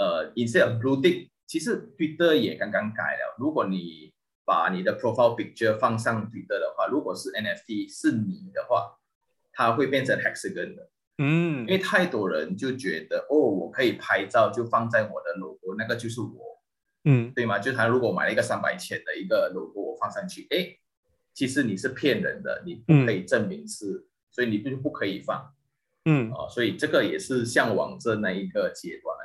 呃 i n s、uh, instead t e a d of bluetick，其實 Twitter 也剛剛改了。如果你把你的 profile picture 放上 Twitter 的話，如果是 NFT 是你的話，它會變成 hexagon 的。嗯，因為太多人就覺得，哦，我可以拍照就放在我的 logo 那個就是我。嗯，對嗎？就他如果買了一個三百千的一個 logo，我放上去，哎，其實你是騙人的，你不可以證明是，嗯、所以你不就不可以放。嗯，哦，uh, 所以這個也是向往着那一個階段。